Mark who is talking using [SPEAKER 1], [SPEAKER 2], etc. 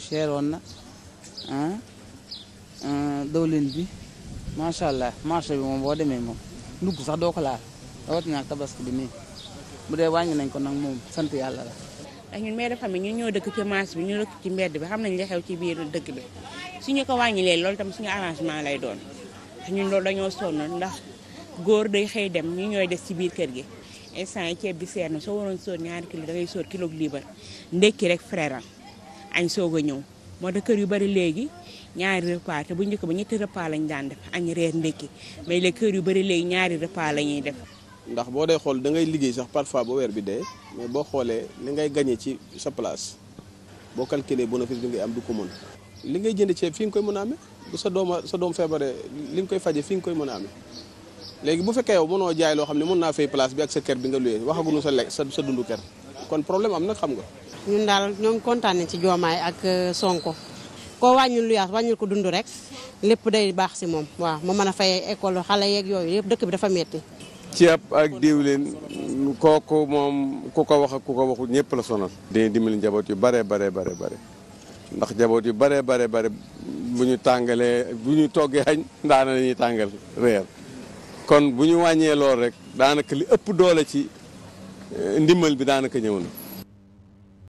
[SPEAKER 1] cheroon na dawlin bi macha allah marché bi moom boo demee moom ndugg sax doo ko laal rawatina ak tabaski bi nii bu dee wàññi nañ ko nag moom sant yàlla la.
[SPEAKER 2] ndax ñun mère de famille ñu ñoo dëkk ci marché bi ñu dëkk ci mbedd bi xam nañ li xew ci biir dëkk bi ñu ko wàññilee loolu tam suñu arrangement lay doon ndax ñun loolu dañoo sonn ndax góor day xëy dem ñu ñooy des ci biir kër gi instant yi ceeb bi seer na soo waroon sóor ñaari kilo dangay sóor kilo liibar ndekki rek frère añ soog a ñëw moo tax kër yu bari léegi ñaari repas te bu njëkk ba ñetti repas lañ daan def añ reer ndekki mais les kër yu bari léegi ñaari repas la ñuy def.
[SPEAKER 3] ndax boo dee xool da ngay liggéey sax parfois ba weer bi dee mais boo xoolee li ngay gagné ci sa boo calculé bénéfice bi ngay am du ko mën. li ngay jënd ceeb fi nga koy mën a amee bu sa dooma sa doom feebaree li nga koy faje fi nga koy mën a amee léegi bu fekkee yow mënoo jaay loo xam ne mën naa fay place bi ak sa kër bi nga luyee waxaguñu sa lekk sa sa dundu kër kon problème am nag xam nga.
[SPEAKER 4] ñun daal ñoom kontaan nañ ci Diomaye ak euh, Sonko koo wàññul luyaas wàññul ko dund rek lépp day baax si moom waaw mu mën a fay école xale yeeg yooyu yëpp dëkk bi dafa metti
[SPEAKER 5] ceeb ak diwlin kooku moom ku ko wax ak ku ko waxul ñëpp la sonal. dina dimbali njaboot yu bare bare bare bare ndax njaboot yu bare bare bare bu ñu tàngalee bu ñu toggee añ daana la tàngal reer kon bu ñu wàññee lool rek daanaka li ëpp doole ci euh, ndimbal bi daanaka ñëw na.